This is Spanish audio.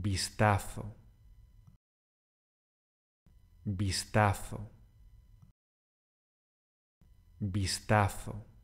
vistazo, vistazo, vistazo.